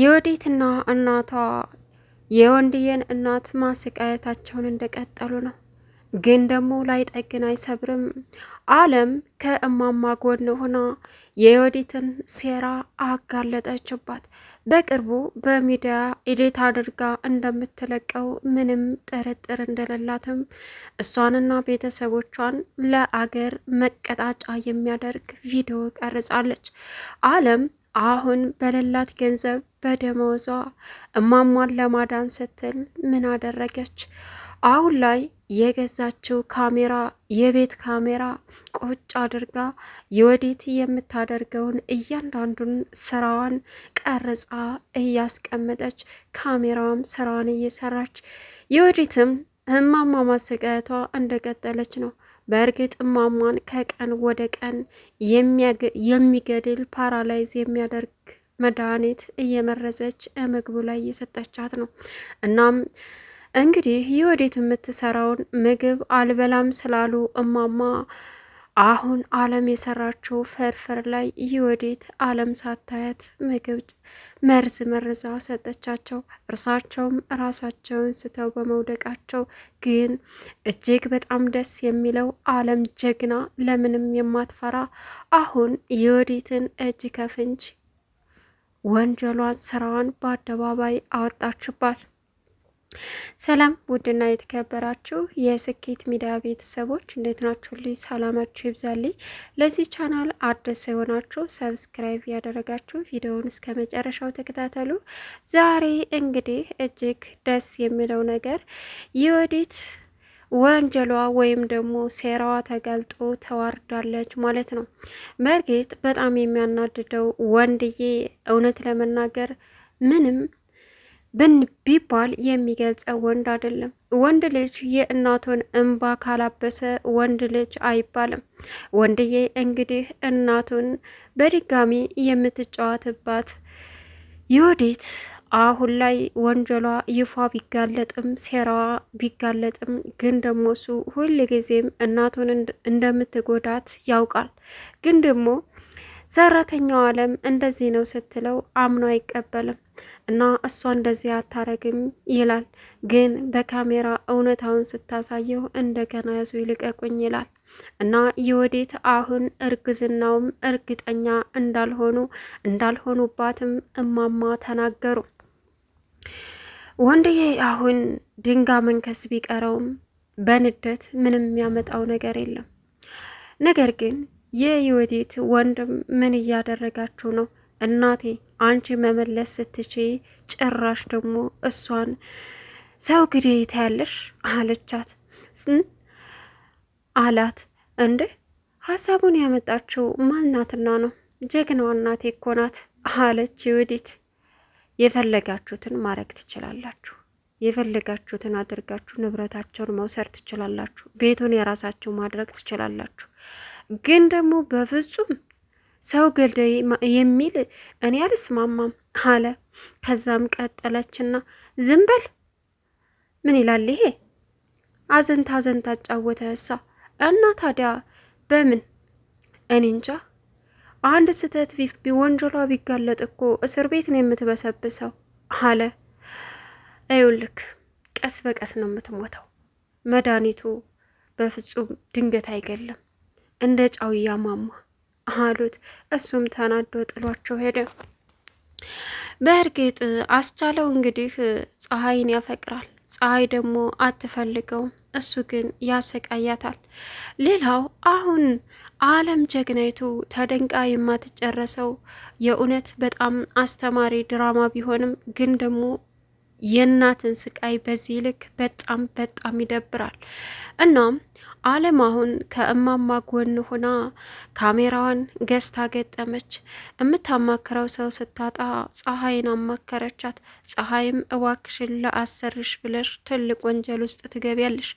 የወዴትና እናቷ የወንድየን እናት ማሰቃየታቸውን እንደቀጠሉ ነው። ግን ደግሞ ላይጠግን አይሰብርም። አለም ከእማማ ጎን ሆና የወዲትን ሴራ አጋለጠችባት። በቅርቡ በሚዲያ ኢዴት አድርጋ እንደምትለቀው ምንም ጥርጥር እንደሌላትም እሷንና ቤተሰቦቿን ለአገር መቀጣጫ የሚያደርግ ቪዲዮ ቀርጻለች። አለም አሁን በሌላት ገንዘብ በደመወዟ እማሟን ለማዳን ስትል ምን አደረገች? አሁን ላይ የገዛችው ካሜራ የቤት ካሜራ ቁጭ አድርጋ የወዲት የምታደርገውን እያንዳንዱን ስራዋን ቀርጻ እያስቀመጠች ካሜራዋም ስራዋን እየሰራች የወዲትም እማማ ማሰቃየቷ እንደቀጠለች ነው። በእርግጥ እማሟን ከቀን ወደ ቀን የሚገድል ፓራላይዝ የሚያደርግ መድኃኒት እየመረዘች ምግቡ ላይ እየሰጠቻት ነው። እናም እንግዲህ የወዴት የምትሰራውን ምግብ አልበላም ስላሉ እማማ አሁን አለም የሰራችው ፍርፍር ላይ ዮዲት አለም ሳታያት ምግብ መርዝ መርዛ ሰጠቻቸው። እርሳቸውም ራሳቸውን ስተው በመውደቃቸው ግን እጅግ በጣም ደስ የሚለው አለም ጀግና፣ ለምንም የማትፈራ አሁን ይወዴትን እጅ ከፍንጅ ወንጀሏን ስራዋን በአደባባይ አወጣችባት። ሰላም ውድና የተከበራችሁ የስኬት ሚዲያ ቤተሰቦች እንዴት ናችሁ ናችሁልኝ? ሰላማችሁ ይብዛልኝ። ለዚህ ቻናል አዲስ የሆናችሁ ሰብስክራይብ ያደረጋችሁ ቪዲዮውን እስከ መጨረሻው ተከታተሉ። ዛሬ እንግዲህ እጅግ ደስ የሚለው ነገር የወዲት ወንጀሏ ወይም ደግሞ ሴራዋ ተጋልጦ ተዋርዳለች ማለት ነው። በእርግጥ በጣም የሚያናድደው ወንድዬ እውነት ለመናገር ምንም ብን ቢባል የሚገልጸው ወንድ አይደለም። ወንድ ልጅ የእናቱን እንባ ካላበሰ ወንድ ልጅ አይባልም። ወንድዬ እንግዲህ እናቱን በድጋሚ የምትጫወትባት ዮዲት አሁን ላይ ወንጀሏ ይፋ ቢጋለጥም ሴራዋ ቢጋለጥም ግን ደግሞ እሱ ሁል ጊዜም እናቱን እንደምትጎዳት ያውቃል። ግን ደግሞ ሰራተኛው አለም እንደዚህ ነው ስትለው አምኖ አይቀበልም። እና እሷ እንደዚህ አታረግም ይላል። ግን በካሜራ እውነታውን ስታሳየው እንደገና ያዙ ይልቀቁኝ ይላል እና የወዴት አሁን እርግዝናውም እርግጠኛ እንዳልሆኑ እንዳልሆኑባትም እማማ ተናገሩ። ወንድዬ አሁን ድንጋይ መንከስ ቢቀረውም በንደት ምንም የሚያመጣው ነገር የለም። ነገር ግን የወዴት ወንድም ምን እያደረጋችሁ ነው? እናቴ አንቺ መመለስ ስትችይ ጭራሽ ደግሞ እሷን ሰው ግዴ ታያለሽ አለቻት አላት። እንዴ ሀሳቡን ያመጣችው ማናትና ነው? ጀግናዋ እናቴ እኮ ናት አለች ይውዲት። የፈለጋችሁትን ማድረግ ትችላላችሁ የፈለጋችሁትን አድርጋችሁ ንብረታቸውን መውሰድ ትችላላችሁ። ቤቱን የራሳችሁ ማድረግ ትችላላችሁ። ግን ደግሞ በፍጹም ሰው ገልደ የሚል እኔ አልስማማም አለ። ከዛም ቀጠለችና ዝም በል ምን ይላል ይሄ አዘንታ አዘንታ አጫወተ እሳ እና ታዲያ በምን እኔ እንጃ። አንድ ስህተት ቢወንጀሏ ቢጋለጥ እኮ እስር ቤት ነው የምትበሰብሰው አለ። ይኸውልህ ቀስ በቀስ ነው የምትሞተው። መድኃኒቱ በፍጹም ድንገት አይገለም፣ እንደ ጫው እያሟሟ አሉት። እሱም ተናዶ ጥሏቸው ሄደ። በእርግጥ አስቻለው እንግዲህ ፀሐይን ያፈቅራል። ፀሐይ ደግሞ አትፈልገውም። እሱ ግን ያሰቃያታል። ሌላው አሁን አለም ጀግናይቱ ተደንቃ የማትጨረሰው የእውነት በጣም አስተማሪ ድራማ ቢሆንም ግን ደግሞ የእናትን ስቃይ በዚህ ልክ በጣም በጣም ይደብራል። እናም አለም አሁን ከእማማ ጎን ሆና ካሜራዋን ገዝታ ገጠመች። የምታማክረው ሰው ስታጣ ፀሐይን አማከረቻት። ፀሐይም እዋክሽን ለአሰርሽ ብለሽ ትልቅ ወንጀል ውስጥ ትገቢያለሽ፣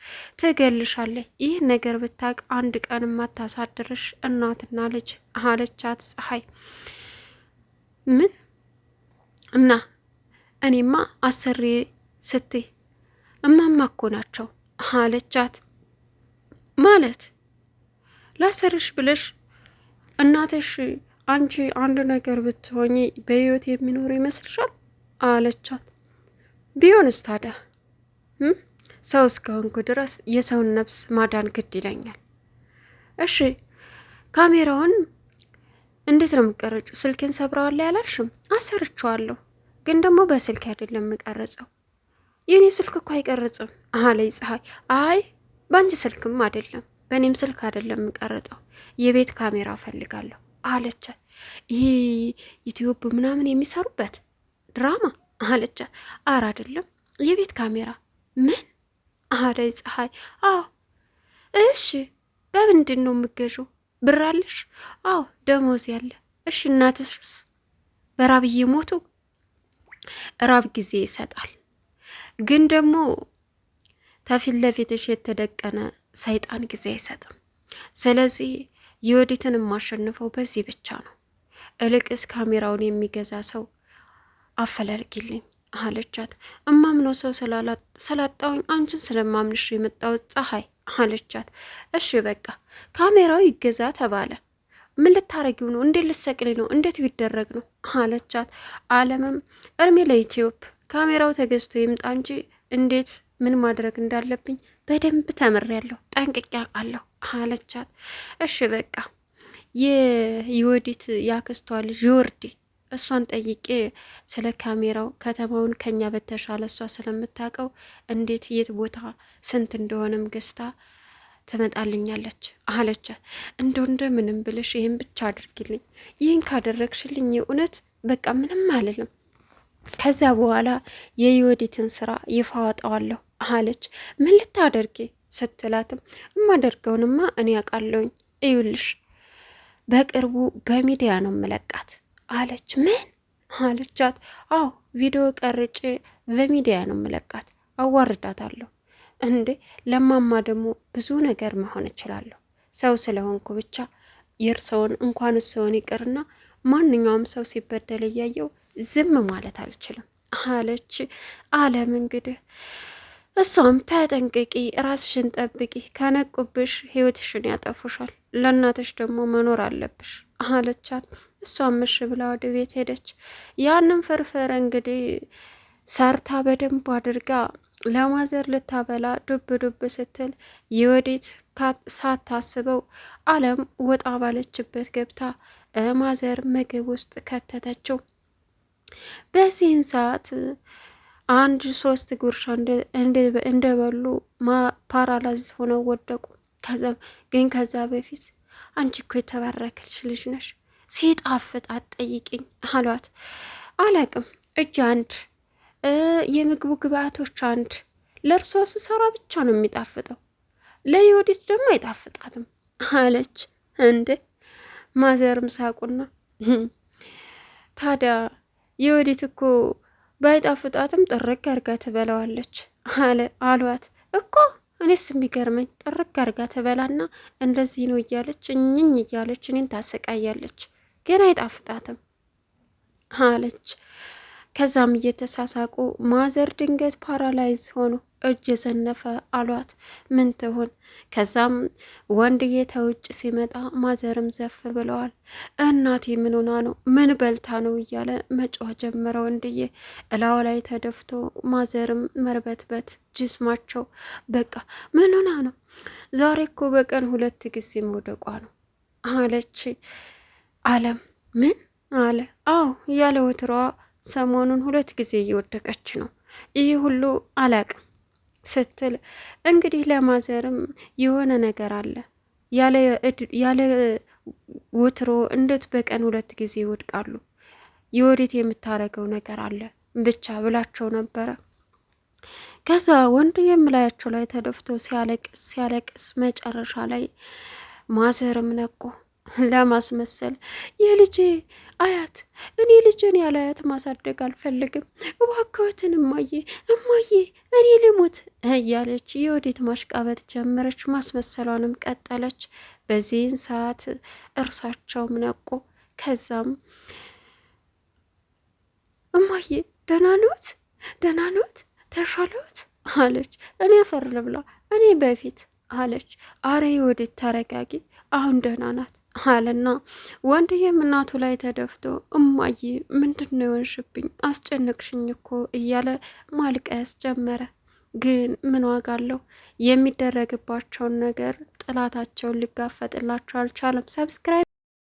ትገልሻለህ። ይህ ነገር ብታቅ አንድ ቀን የማታሳድርሽ እናትና ልጅ አለቻት ፀሐይ ምን እና እኔማ አሰሬ ስትይ እማማ እኮ ናቸው አለቻት። ማለት ላሰርሽ ብለሽ እናትሽ አንቺ አንድ ነገር ብትሆኚ በህይወት የሚኖር ይመስልሻል? አለቻት። ቢሆንስ ታዲያ ሰው እስከሆንኩ ድረስ የሰውን ነፍስ ማዳን ግድ ይለኛል። እሺ ካሜራውን እንዴት ነው የምቀረጩ? ስልኬን ሰብረዋል ያላልሽም? አሰርቸዋለሁ። ግን ደግሞ በስልክ አይደለም የምቀርጸው። የኔ ስልክ እኮ አይቀርጽም አለኝ ፀሐይ። አይ በአንቺ ስልክም አይደለም በእኔም ስልክ አይደለም የምቀርጠው፣ የቤት ካሜራ ፈልጋለሁ አለቻት። ይህ ዩትዩብ ምናምን የሚሰሩበት ድራማ አለቻት። አር አይደለም የቤት ካሜራ ምን አለኝ ፀሐይ። አዎ እሺ በምንድን ነው የምገዥው? ብር አለሽ? አዎ ደሞዝ ያለ። እሺ እናትስ በራብዬ ሞቱ ራብ ጊዜ ይሰጣል። ግን ደግሞ ከፊት ለፊትሽ የተደቀነ ሰይጣን ጊዜ አይሰጥም። ስለዚህ የወዲትን የማሸንፈው በዚህ ብቻ ነው። እልቅስ ካሜራውን የሚገዛ ሰው አፈላልጊልኝ አለቻት። እማምነው ሰው ስላጣውኝ አንቺን ስለማምንሽ የመጣው ፀሐይ አለቻት። እሺ በቃ ካሜራው ይገዛ ተባለ። ምን ልታረጊው ነው? እንዴት ልሰቅል ነው? እንዴት ቢደረግ ነው አለቻት። አለምም እርሜ ለኢትዮፕ ካሜራው ተገዝቶ ይምጣ እንጂ እንዴት ምን ማድረግ እንዳለብኝ በደንብ ተምሬያለሁ፣ ጠንቅቄ አውቃለሁ አለቻት። እሺ በቃ የወዲት ያክስቷ ልጅ ይወርዲ እሷን ጠይቄ ስለ ካሜራው ከተማውን ከኛ በተሻለ እሷ ስለምታውቀው እንዴት የት ቦታ ስንት እንደሆነም ገዝታ ትመጣልኛለች አለቻት። እንደወንደ ምንም ብልሽ ይህን ብቻ አድርጊልኝ፣ ይህን ካደረግሽልኝ እውነት በቃ ምንም አልልም። ከዚያ በኋላ የዮዲትን ስራ ይፋ አወጣዋለሁ አለች። ምን ልታደርጊ ስትላትም እማደርገውንማ እኔ አውቃለሁኝ እዩልሽ በቅርቡ በሚዲያ ነው ምለቃት አለች። ምን አለቻት? አዎ ቪዲዮ ቀርጬ በሚዲያ ነው ምለቃት፣ አዋርዳታለሁ እንዴ ለማማ ደግሞ ብዙ ነገር መሆን እችላለሁ። ሰው ስለሆንኩ ብቻ የእርስዎን እንኳን ሰውን ይቅርና ማንኛውም ሰው ሲበደል እያየው ዝም ማለት አልችልም አለች አለም። እንግዲህ እሷም ተጠንቅቂ፣ ራስሽን ጠብቂ፣ ከነቁብሽ ህይወትሽን ያጠፉሻል፣ ለእናትሽ ደግሞ መኖር አለብሽ አለቻት። እሷም እሺ ብላ ወደ ቤት ሄደች። ያንን ፍርፍር እንግዲህ ሰርታ በደንብ አድርጋ ለማዘር ልታበላ ዱብ ዱብ ስትል የወዴት ሳታስበው አለም ወጣ ባለችበት ገብታ ማዘር ምግብ ውስጥ ከተተችው። በዚህን ሰዓት አንድ ሶስት ጉርሻ እንደበሉ ፓራላይዝ ሆነው ወደቁ። ግን ከዛ በፊት አንቺ እኮ የተባረከች ልጅ ነሽ ሲጣፍጥ አትጠይቅኝ አሏት። አላቅም እጅ አንድ የምግቡ ግብአቶች አንድ ለእርሶ ስሰራ ብቻ ነው የሚጣፍጠው፣ ለዮዲት ደግሞ አይጣፍጣትም አለች። እንዴ ማዘርም ሳቁና ታዲያ የዮዲት እኮ ባይጣፍጣትም ጥርግ አርጋ ትበላዋለች አለ አሏት። እኮ እኔስ የሚገርመኝ ጥርግ አርጋ ትበላና እንደዚህ ነው እያለች እኝኝ እያለች እኔን ታሰቃያለች፣ ግን አይጣፍጣትም አለች። ከዛም እየተሳሳቁ ማዘር ድንገት ፓራላይዝ ሆኑ እጅ የዘነፈ አሏት። ምን ትሆን? ከዛም ወንድዬ ተውጭ ሲመጣ ማዘርም ዘፍ ብለዋል። እናቴ ምን ሆና ነው? ምን በልታ ነው? እያለ መጮህ ጀመረ ወንድዬ እላዋ ላይ ተደፍቶ፣ ማዘርም መርበትበት ጅስማቸው። በቃ ምን ሆና ነው? ዛሬ እኮ በቀን ሁለት ጊዜ መውደቋ ነው አለች አለም። ምን አለ? አዎ ያለ ወትሯ ሰሞኑን ሁለት ጊዜ እየወደቀች ነው። ይህ ሁሉ አላቅም ስትል እንግዲህ ለማዘርም የሆነ ነገር አለ ያለ ውትሮ እንዴት በቀን ሁለት ጊዜ ይወድቃሉ? የወዴት የምታደርገው ነገር አለ ብቻ ብላቸው ነበረ። ከዛ ወንድ የምላያቸው ላይ ተደፍቶ ሲያለቅስ ሲያለቅስ መጨረሻ ላይ ማዘርም ነቁ ለማስመሰል የልጄ አያት እኔ ልጅን ያለ አያት ማሳደግ አልፈልግም፣ እባክዎትን እማዬ እማዬ እኔ ልሙት እያለች የወዴት ማሽቃበጥ ጀመረች፣ ማስመሰሏንም ቀጠለች። በዚህን ሰዓት እርሳቸውም ነቁ። ከዛም እማዬ ደህና ኖት ደህና ኖት ተሻለዎት አለች። እኔ አፈር ልብላ እኔ በፊት አለች። አረ የወዴት ተረጋጊ፣ አሁን ደህና ናት አለና ወንድዬም እናቱ ላይ ተደፍቶ እማዬ ምንድን ነው የሆንሽብኝ? አስጨነቅሽኝ እኮ እያለ ማልቀስ ጀመረ። ግን ምን ዋጋ አለው? የሚደረግባቸውን ነገር ጥላታቸውን ሊጋፈጥላቸው አልቻለም። ሰብስክራይብ